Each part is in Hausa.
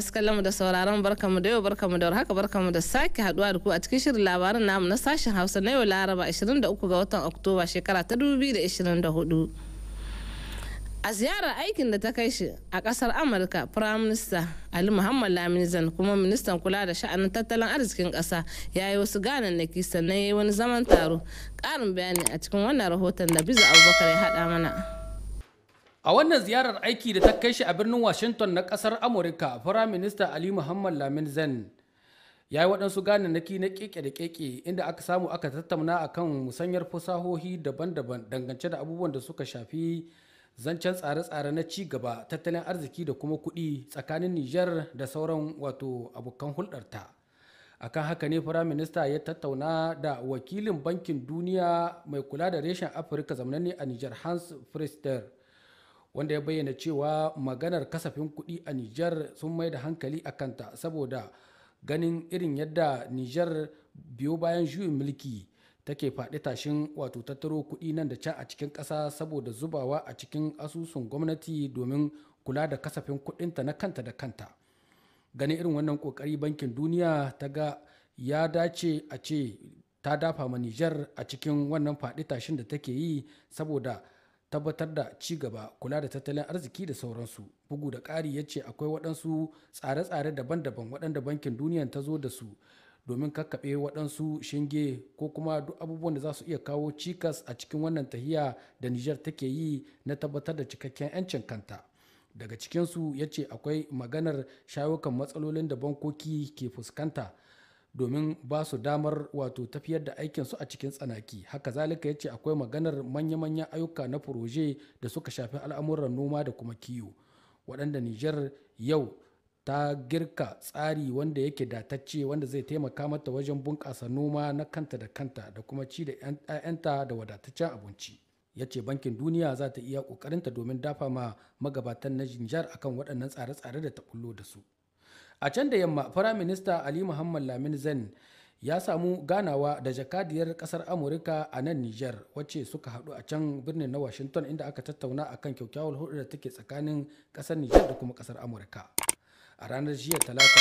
masu kallon mu da sauraron barkamu da yau barkamu da haka barkamu da sake haduwa da ku a cikin shirin labaran namu na sashen Hausa na yau Laraba 23 ga watan Oktoba shekara ta 2024. A ziyarar aikin da ta kai shi a kasar Amurka, Prime Minister Ali Muhammad zan kuma ministan kula da sha'anin tattalin arzikin kasa ya yi wasu ganannaki sannan ya yi wani zaman taro. karin bayani a cikin wannan rahoton da Biza Abubakar ya haɗa mana. A wannan ziyarar aiki da ta kai shi a birnin Washington na ƙasar Amurka, Firaminista Ali Muhammad Lamin Zen ya yi waɗansu gananaki na keke da keke inda aka samu aka tattauna akan musanyar fasahohi daban-daban dangance da abubuwan da suka shafi zancen tsare-tsare na ci gaba tattalin arziki da kuma kuɗi tsakanin Nijar da sauran wato abokan hulɗarta. akan haka ne firaminista ya tattauna da wakilin bankin duniya mai kula da reshen afirka zamananne a nijar hans frister wanda ya bayyana cewa maganar kasafin kuɗi a Nijar sun mai da hankali a kanta saboda ganin irin yadda Nijar biyo bayan juyin mulki take faɗi tashin wato tattaro kuɗi nan da can a cikin ƙasa saboda zubawa a cikin asusun gwamnati domin kula da kasafin kuɗinta na kanta da kanta. Ganin irin wannan ƙoƙari bankin duniya ta ga ya dace a ce ta dafa ma Nijar a cikin wannan faɗi tashin da take yi saboda tabbatar da ci gaba kula da tattalin arziki da sauransu bugu da ƙari ya ce akwai waɗansu tsare-tsare daban-daban waɗanda bankin duniya ta zo da su domin kakkaɓe waɗansu shinge ko kuma duk abubuwan da za su iya kawo cikas a cikin wannan tahiya da nijar take yi na tabbatar da cikakken 'yancin kanta daga cikinsu ya ce akwai maganar shayukan matsalolin da bankoki ke fuskanta domin ba su damar wato tafiyar da aikinsu a cikin tsanaki haka zalika ya ce akwai maganar manya-manyan ayyuka na furoje da suka shafi al'amuran noma da kuma kiwo waɗanda nijar yau ta girka tsari wanda yake datacce wanda zai taimaka mata wajen bunƙasa noma na kanta da kanta da kuma ci da 'ya'yanta da wadataccen abinci ya ce bankin duniya za ta iya ƙoƙarinta domin dafa ma magabatan na jinjar akan waɗannan tsare-tsare da ta kullo da su a can da yamma firaminista ali muhammad lamin zen ya samu ganawa da jakadiyar kasar amurka a nan niger wacce suka hadu a can birnin na washington inda aka tattauna kan kyakkyawar hudu da take tsakanin kasar niger da kuma kasar amurka a ranar jiya talata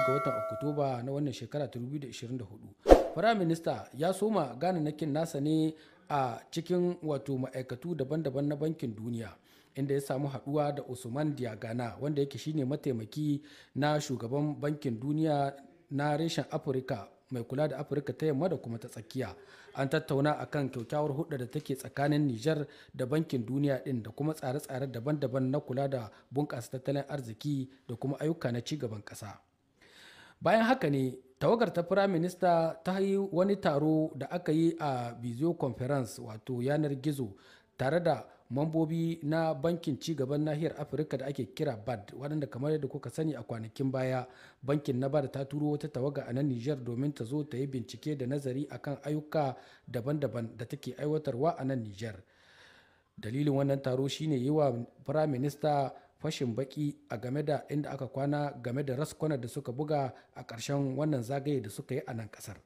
22 ga watan oktoba na wannan shekara 2024 firaminista ya soma gananakin nasa ne a cikin wato ma'aikatu daban-daban na bankin duniya inda ya samu haduwa da usman diagana wanda yake shine mataimaki na shugaban bankin duniya na reshen afirka mai kula da afirka ta yamma da kuma ta tsakiya an tattauna a kan kyaukyawar hudda da take tsakanin niger da bankin duniya din da kuma tsare-tsare daban-daban na kula da bunƙasa tattalin arziki da kuma ayyuka na ci gaban ƙasa bayan haka ne tawagar ta firaminista ta yi wani taro da aka yi a bizio conference wato yanar gizo tare da mambobi na bankin cigaban nahiyar afirka da ake kira bad waɗanda kamar yadda kuka sani a kwanakin baya bankin na bad ta turo wata tawaga a nan nijar domin ta zo ta yi bincike da nazari akan ayyuka daban-daban da take aiwatarwa a nan nijar dalilin wannan taro shine yi wa firayim minista fashin baki a game da inda aka kwana game da raskwana da suka buga a ƙarshen wannan zagaye da suka yi a nan ƙasar.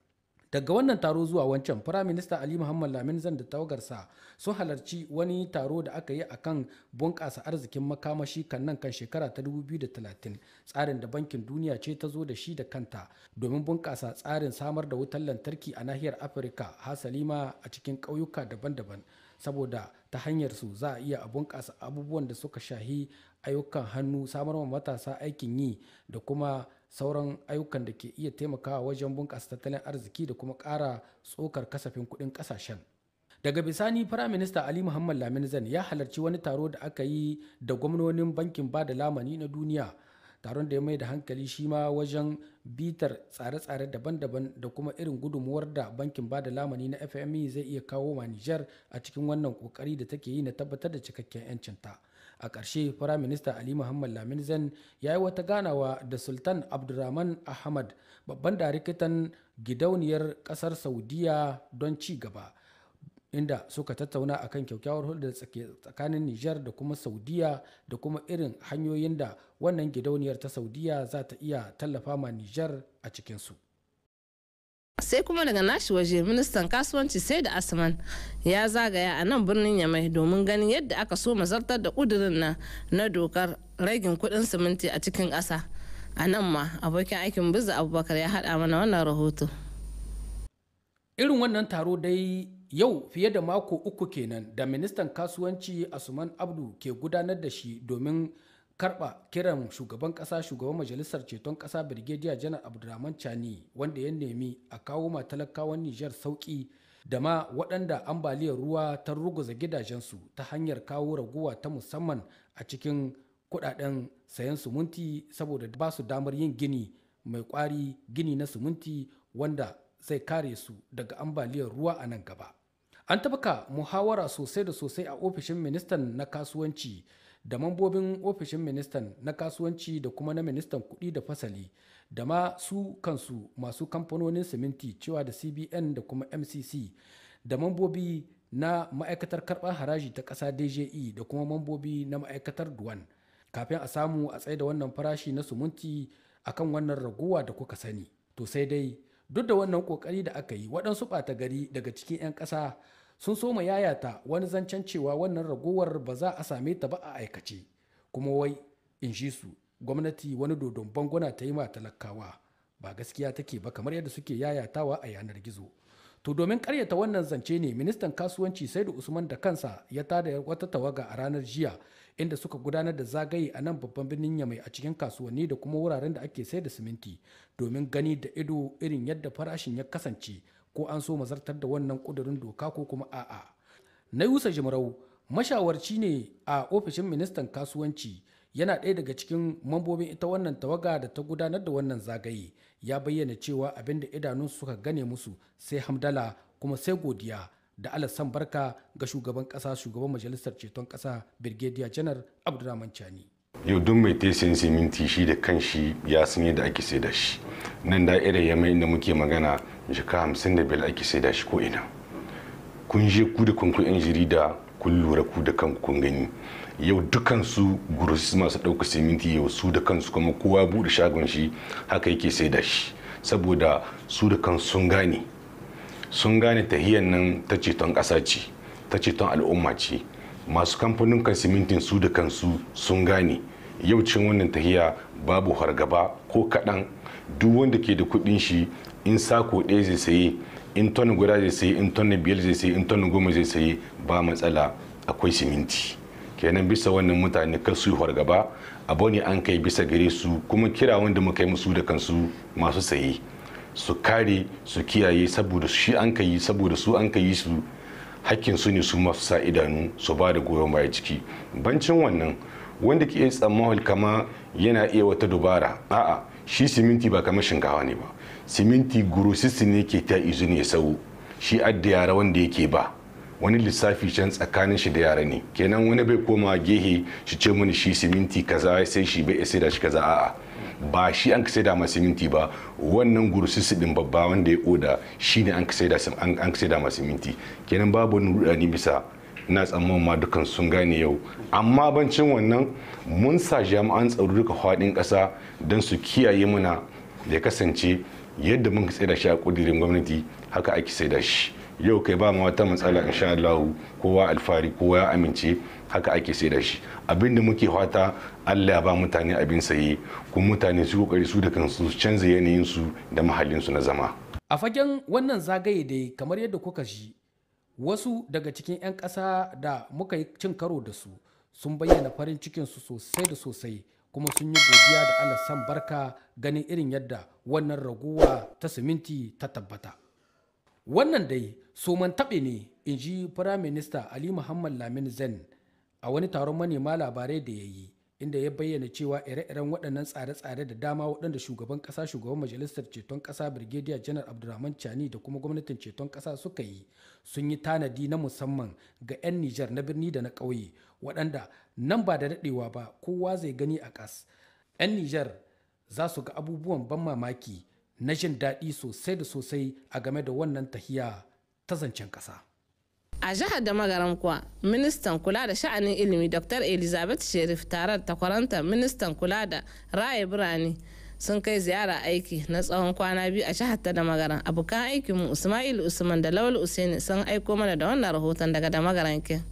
daga wannan taro zuwa wancan firaminista ali muhammad lamin zan da tawagarsa sun halarci wani taro da aka yi akan bunƙasa arzikin makamashi kan nan kan shekara ta 2030 tsarin da bankin duniya ce ta zo da shi da kanta domin bunƙasa tsarin samar da wutar lantarki a nahiyar afirka hasalima a cikin ƙauyuka daban-daban saboda ta hanyar su za a iya bunƙasa abubuwan da suka shahi ayyukan hannu samar wa matasa aikin yi da kuma sauran ayyukan da ke iya taimakawa wajen bunƙasa tattalin arziki da kuma ƙara tsokar kasafin kuɗin ƙasashen. daga bisani firaminista ali muhammad lamin zan ya halarci wani taro da aka yi da gwamnonin bankin ba da lamani na duniya taron da ya mai da hankali shi ma wajen bitar tsare-tsare daban-daban da kuma irin gudunmuwar da bankin ba da lamani na fme zai iya kawo ma nijar a cikin wannan kokari da take yi na tabbatar da cikakken 'yancinta a ƙarshe firaminista ali muhammad lamin zain ya yi wata ganawa da sultan abdulrahman ahmad babban darikitan gidauniyar ƙasar saudiya don ci gaba inda suka tattauna akan kyakkyawar hulɗar tsakanin Nijar da kuma Saudiya da kuma irin hanyoyin da wannan gidauniyar ta Saudiya za ta iya tallafa ma Nijar a cikinsu. sai kuma daga nashi waje ministan kasuwanci sai da asman ya zagaya a nan birnin yamai domin ganin yadda aka so mazartar da kudurin na na dokar ragin kudin siminti a cikin ƙasa a nan ma abokin aikin biza abubakar ya haɗa mana wannan rahoto irin wannan taro dai yau fiye da mako uku kenan da ministan kasuwanci asuman abdu ke gudanar da shi domin karba kiran shugaban kasa shugaban majalisar ceton kasa birgediya janar abdulrahman chani wanda ya nemi a kawo ma talakawan nijar sauki da ma waɗanda ambaliyar ruwa ta ruguza gidajensu ta hanyar kawo raguwa ta musamman a cikin kudaden sayan sumunti saboda ba su damar yin gini mai kwari gini na sumunti wanda zai kare su daga ambaliyar ruwa a nan gaba an tabbaka muhawara sosai da sosai a ofishin ministan na kasuwanci da mambobin ofishin ministan na kasuwanci da kuma na ministan kuɗi da fasali da ma su kansu masu kamfanonin siminti cewa da cbn da kuma mcc da mambobi na ma'aikatar karɓar haraji ta ƙasa dje da kuma mambobi na ma'aikatar duwan kafin a samu a tsaye da wannan farashi na sumunti kan wannan raguwa da kuka sani to sai dai duk da wannan kokari da aka yi waɗansu ɓata gari daga cikin 'yan ƙasa sun soma yayata wani zancen cewa wannan ragowar ba za a same ta ba a aikace kuma wai in shi su gwamnati wani dodon bangona ta yi ma talakawa ba gaskiya take ba kamar yadda suke yayatawa a yanar gizo to domin karyata wannan zance ne ministan kasuwanci saidu usman da kansa ya tada wata tawaga a ranar jiya inda suka gudanar da zagaye a nan babban birnin yamai a cikin kasuwanni da kuma wuraren da ake sai da siminti domin gani da ido irin yadda farashin ya kasance ko an so mazartar da wannan kudurin doka ko kuma a'a na yusa jimarau mashawarci ne a ofishin ministan kasuwanci yana ɗaya daga cikin mambobin ita wannan tawaga da ta gudanar da wannan zagaye ya bayyana cewa abin da idanunsu suka gane musu sai hamdala kuma sai godiya da alasan barka ga shugaban ƙasa shugaban majalisar ceton ƙasa birgediya janar abdurrahman chani yau duk mai tesin siminti shi da kanshi ya san yadda ake sai da shi nan da irin yamma inda muke magana jika hamsin da biyar ake sai da shi ko ina kun je ku da kanku yan jarida kun lura ku da kanku kun gani yau dukansu gurusi masu ɗauka siminti yau su da kansu kuma kowa buɗe shagon shi haka yake sai da shi saboda su da kansu sun gane sun gane tahiyan nan ta ceton ƙasa ce ta ceton al'umma ce masu kamfanin kan simintin su da kansu sun gane yau cin wannan tahiya babu hargaba ko kaɗan duk wanda ke da kuɗin shi in sako ɗaya zai saye in ton guda zai saye in tonne biyar zai saye in tonne goma zai saye ba matsala akwai siminti kenan bisa wannan mutane kan su hargaba abu ne an kai bisa gare su kuma kira wanda muka yi musu da kansu masu saye su kare su kiyaye saboda shi an kai saboda su an kai su hakkin su ne su mafisa idanu su ba da goyon baya ciki bancin wannan wanda ke tsammahul kama yana iya wata dubara a'a shi siminti ba kamar shinkawa ne ba siminti gurusisi ne ke ta izu ne sau shi adda yara wanda yake ba wani lissafi can tsakanin shi da yara ne kenan wani bai koma gehe shi ce mini shi siminti kaza sai shi bai sai da shi kaza a'a ba shi an ka saida ma siminti ba wannan gursisi din babba wanda ya oda shi ne an ka saida ma siminti kenan babu wani rudani bisa na tsammanin ma dukan sun gane yau amma bancin wannan mun sa jami'an tsaro duka fadin kasa don su kiyaye muna ya kasance yadda mun ka saida shi a kudirin gwamnati haka ake da shi yau kai ba ma wata matsala insha Allah kowa alfari kowa ya amince haka ake sai da shi abin da muke fata Allah ya ba mutane abin saye kuma mutane su kokari su da kansu su canza yanayin su da mahallin su na zama a fagen wannan zagaye dai kamar yadda kuka ji wasu daga cikin 'yan ƙasa da muka yi cin karo da su sun bayyana farin cikin su sosai da sosai kuma sun yi godiya da Allah san barka ganin irin yadda wannan raguwa ta siminti ta tabbata wannan dai soman taɓe ne in ji firaminista ali muhammad lamin zen a wani taron manema labarai da ya yi inda ya bayyana cewa ire-iren waɗannan tsare-tsare da dama waɗanda shugaban ƙasa shugaban majalisar ceton ƙasa birgediya janar abdulrahman chani da kuma gwamnatin ceton ƙasa suka yi sun yi tanadi na musamman ga 'yan nijar na birni da na ƙauye waɗanda nan ba da daɗewa ba kowa zai gani a ƙas 'yan nijar za su ga abubuwan ban mamaki na jin daɗi sosai da sosai a game da wannan tahiya ta zancen kasa. A jihar da magaran kuwa, ministan kula da sha'anin ilimi Dr. Elizabeth Sherif tare da takwaranta ministan kula da raya birane sun kai ziyara aiki na tsawon kwana biyu a jihar ta da magaran. Abokan aikinmu Usmail Usman da Lawal Usaini sun aiko mana da wannan rahoton daga da magaran kin.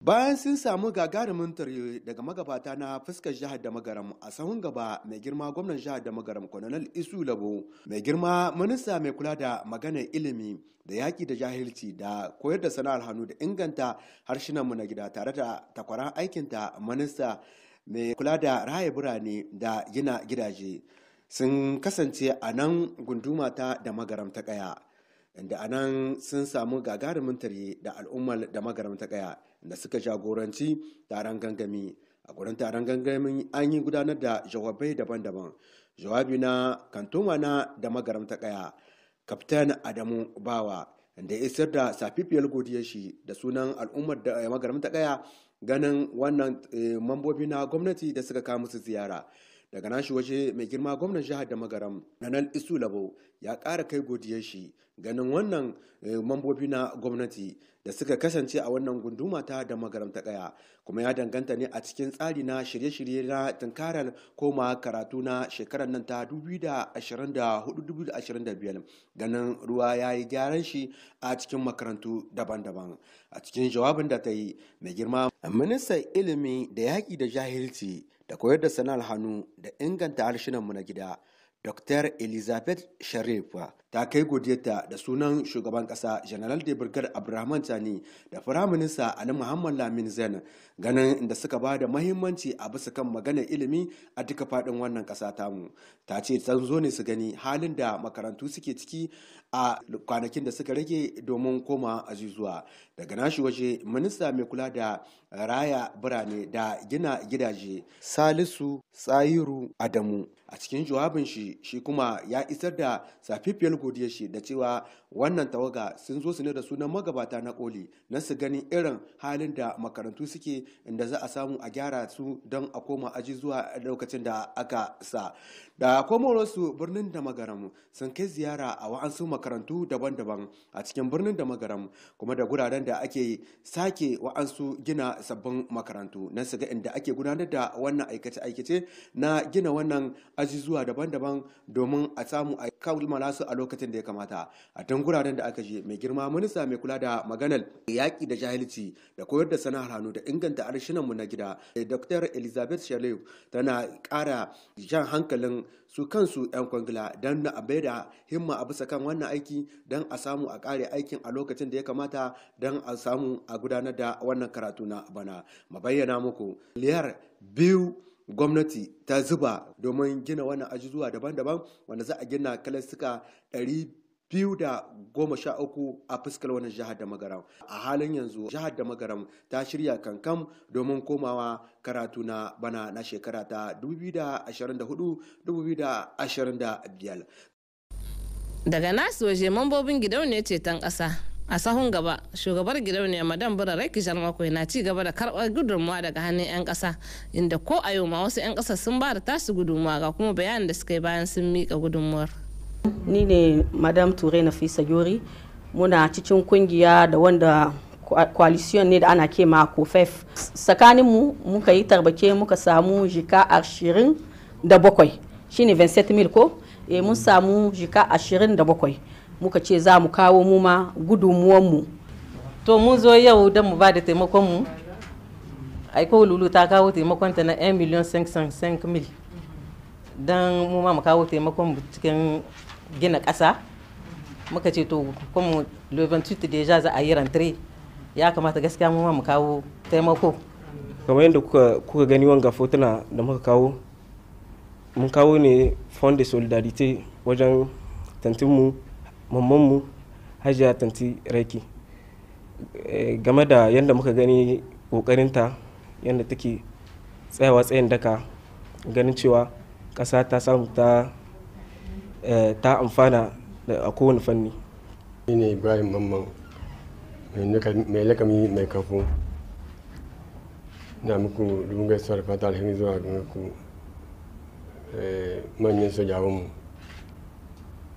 bayan sun samu gagarumin tare daga magabata na fuskar jihar da magaram a sahun gaba mai girma gwamnan jihar da magaram kwanonal isu labo mai girma minista mai kula da maganar ilimi da yaƙi da jahilci da koyar da sana'ar hannu da inganta harshenanmu na gida tare da takwaran aikinta minista mai kula da raya birane da gina gidaje sun kasance a nan gunduma ta da magaram ta kaya inda a nan sun samu gagarumin tare da al'ummar da magaram ta kaya da suka jagoranci taron gangami a gurin taron gangami an yi gudanar da jawabai daban-daban jawabi na kantoma na da magaramta kaya kaftan adamu bawa da ya isar da safifiyar godiyar shi da sunan al'ummar da eh, magaramta kaya ganin wannan eh, mambobi na gwamnati da suka kawo musu ziyara daga nashi waje mai girma gwamnan jihar da magaram nanal isu labo ya kara kai godiyar shi ganin wannan eh, mambobi na gwamnati da suka kasance a wannan gunduma ta da magaram ta kaya kuma ya danganta ne a cikin tsari na shirye-shirye na tunkarar koma karatu na shekarar nan ta 2024-2025 ganin ruwa ya yi gyaran shi a cikin makarantu daban-daban a cikin jawabin da ta yi mai girma ministan ilimi da yaƙi da jahilci da koyar da sana'ar hannu da inganta mu na gida Dr. Elizabeth sharifa ta kai godiyarta da sunan shugaban kasa General de Burgar abrahaman Tani da Firaminista Ali Muhammad Lamin zen ganin da suka ba da mahimmanci a bisa kan maganar ilimi a duka faɗin wannan ƙasa tamu. Ta ce zo ne su gani halin da makarantu suke ciki a kwanakin da suka rage domin koma azizuwa daga nashi waje minista mai kula da raya birane da gina gidaje salisu tsayiru adamu a cikin jawabin shi shi kuma ya isar da safifiyar godiyar shi da cewa wannan tawaga sun zo su ne da sunan magabata na koli na su gani irin halin da makarantu suke inda za a samu a gyara su don a koma aji zuwa lokacin da aka sa da komowarsu birnin da sun kai ziyara a wa'ansu makarantu daban-daban a cikin birnin da magaram kuma da guraren da ake sake wa'ansu gina sabbin makarantu na siga inda ake gudanar da wannan aikace-aikace na gina wannan ajizuwa daban-daban domin a samu a kammala su a lokacin da ya kamata a tun guraren da aka je mai girma minista mai kula da maganar yaƙi da jahilci da koyar da sana'ar hannu da inganta mu na gida dr elizabeth shalew tana kara jan hankalin su kansu 'yan kwangila don na abai da himma a bisa kan wannan aiki don a samu a kare aikin a lokacin da ya kamata don a samu a gudanar da wannan karatu na bana mabayyana muku miliyar biyu gwamnati ta zuba domin gina wannan zuwa daban-daban wanda za a gina kalastika biyu da goma sha uku a fuskar wani jihar da magaram a halin yanzu jihar da magaram ta shirya kankan domin komawa karatu na bana na shekara ta 2024-2025 daga nasu waje mambobin gidauniyar ceton ƙasa a sahun gaba shugabar gidauniyar madan bura raiki makwai na ci gaba da karbar gudunmawa daga hannun 'yan ƙasa inda ko a yau ma wasu 'yan ƙasa sun ba da tasu gudunmawa ga kuma bayanin da suka yi bayan sun miƙa gudunmawar ni ne madam ture na fisa yori muna cikin kungiya da wanda coalition ne da ana ke ma kofef tsakanin mu muka yi tarbake muka samu jika ashirin da bakwai shine vincent mil ko e mun samu jika ashirin da bakwai muka ce za mu kawo mu ma mu to mun zo yau don mu ba da taimakon mu aiko lulu ta kawo taimakon ta na 1 miliyan 500 mil don mu ma mu kawo taimakon cikin gina ƙasa muka ce to kuma da deja za a yi rantare ya kamata gaskiya mu ma mu kawo taimako kamar yadda kuka, gani gani wanga fotuna da muka kawo mun kawo ne fond de solidarite wajen tantinmu mammanmu hajiya tanti raki eh, game da yadda muka gani kokarinta yadda take tsayawa tsayin daka ganin cewa ƙasa ta samu ta Eh, ta amfana a kowane fanni ni ne ibrahim mamman mai lakami mai kafo na muku dubin gaisuwar fata alheri zuwa ga muku eh, manyan sojawanmu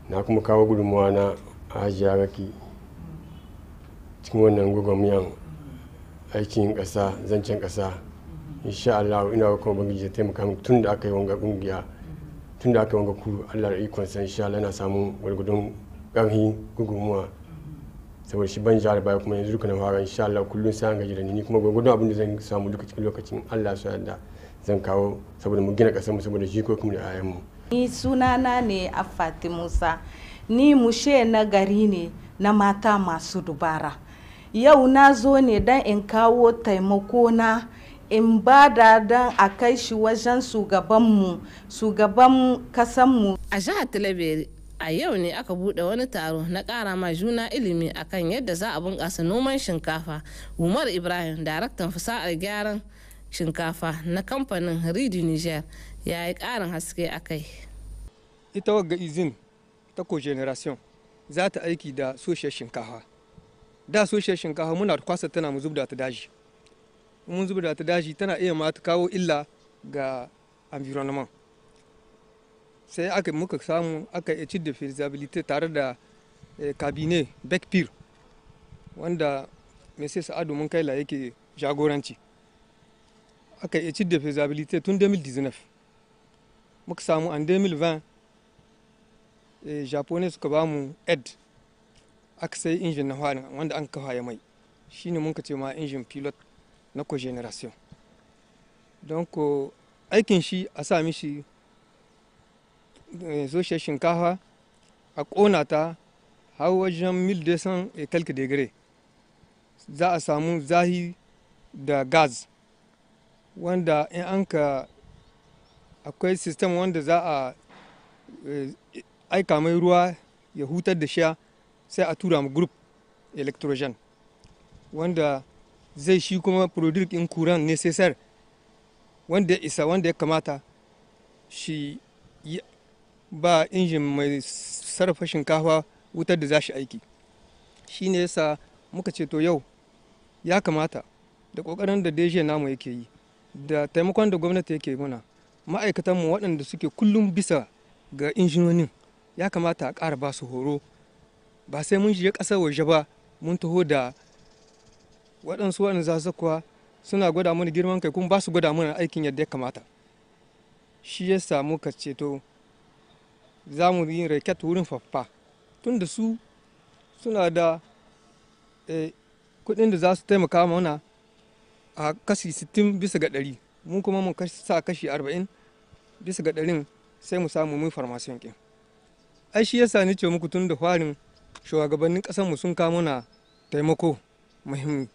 na kuma kawo gudunmawa na hajiya raki cikin wannan gwagwamiyan aikin ƙasa zancen ƙasa insha Allah ina kuma bangiji ta taimaka tun da aka yi wanga ƙungiya tun da aka wanga ku allah da ikon san sha yana samun gwargwadon ƙarfi gugumuwa saboda shi ban jihar baya kuma yanzu duka na fara insha allah kullum sai an gaji da ni kuma gwargwadon abin da zan samu duka cikin lokacin allah su yadda zan kawo saboda mu gina ƙasar mu saboda jikokin da mu. ni sunana ne afati musa ni mushe na gari ne na mata masu dubara yau na zo ne don in kawo taimako na in ba da don a kai shi wajen shugabanmu gaban kasanmu a jihar talabere a yau ne aka bude wani taro na kara ma juna ilimi akan yadda za a bunƙasa noman shinkafa umar ibrahim daraktan fasahar gyaran shinkafa na kamfanin ridi niger ya yi ƙarin haske a kai ita wagga izin ta generation za ta aiki da soshiyar shinkafa da soshiyar shinkafa muna kwasa tana mu zubda ta daji mun zuba da ta dashi tana iya ma ta kawo illa ga environment sai aka muka samu aka yi da feasibility tare da kabine eh, backpeer wanda mai sa'adu mun kai yake jagoranci aka yi da feasibility tun 2019 muka samu an 2020 japonai suka ba mu ed aka sai injin na wanda an kafa ya mai shine mun ka ce ma injin pilot na cogeneration don ko euh, aikin shi a sa mishi eh, zoshe shinkafa a ƙona ta har wajen mil desan kalki degre za a samu zahi da gas wanda in an ka akwai sistem wanda za a eh, aika mai ruwa ya hutar da sha sai a tura mu group electrogen wanda zai shi kuma produk in kuran ne necessary wanda isa wanda ya kamata shi ba injin mai sarrafa shinkafa wutar da za shi aiki shi ne yasa muka ce to yau ya kamata da kokarin da deje namu yake yi da taimakon da gwamnati yake mana ma'aikatanmu waɗanda suke kullum bisa ga injinonin ya kamata a ƙara ba su horo ba sai mun je ƙasar waje ba mun taho da waɗansu waɗanda za su kuwa suna gwada mana girman kai kuma ba su gwada mana aikin yadda ya kamata shi ya samu ka ceto za mu yi raket wurin faffa tun da su suna da eh, kuɗin da za su taimaka mana a kashi 60 bisa ga ɗari mu kuma mu sa kashi arba'in bisa ga ɗarin sai mu samu mu farmasiyon ƙin ai shi yasa ni ce muku tun da farin shugabannin mu sun kawo na taimako muhimmi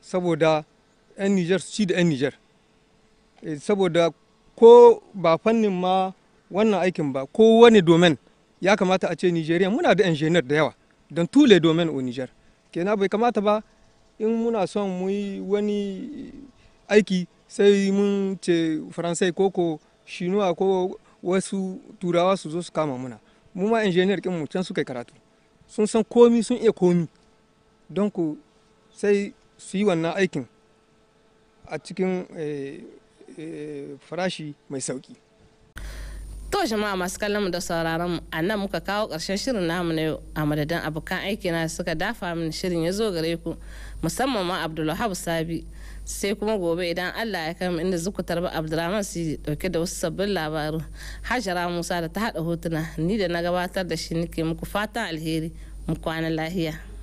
saboda 'yan Nijar su ci da 'yan Nijar. Eh, saboda ko ba fannin ma wannan aikin ba ko wani domen ya kamata a ce Nijeriya muna da injiniyar da yawa don tule domen o Nijar. Kenan bai kamata ba in muna son mu yi wani aiki sai mun ce faransai ko ko shinuwa ko wasu turawa su zo su kama muna mu ma injiniyar mu can suka karatu sun san komi sun iya komi don ku sai su yi wannan aikin a cikin eh, eh, farashi mai sauki. To jama'a masu kallon da sauraron mu a nan muka kawo ƙarshen shirin namu na yau a madadin abokan aiki na suka dafa mini shirin ya zo gare ku musamman ma Abdulwahab Sabi sai kuma gobe idan Allah ya kai mu inda zuku tarba Abdulrahman su dauke da wasu sabbin labaru Hajara Musa da ta hada hotuna ni da na gabatar da shi nake muku fatan alheri mu kwana lahiya.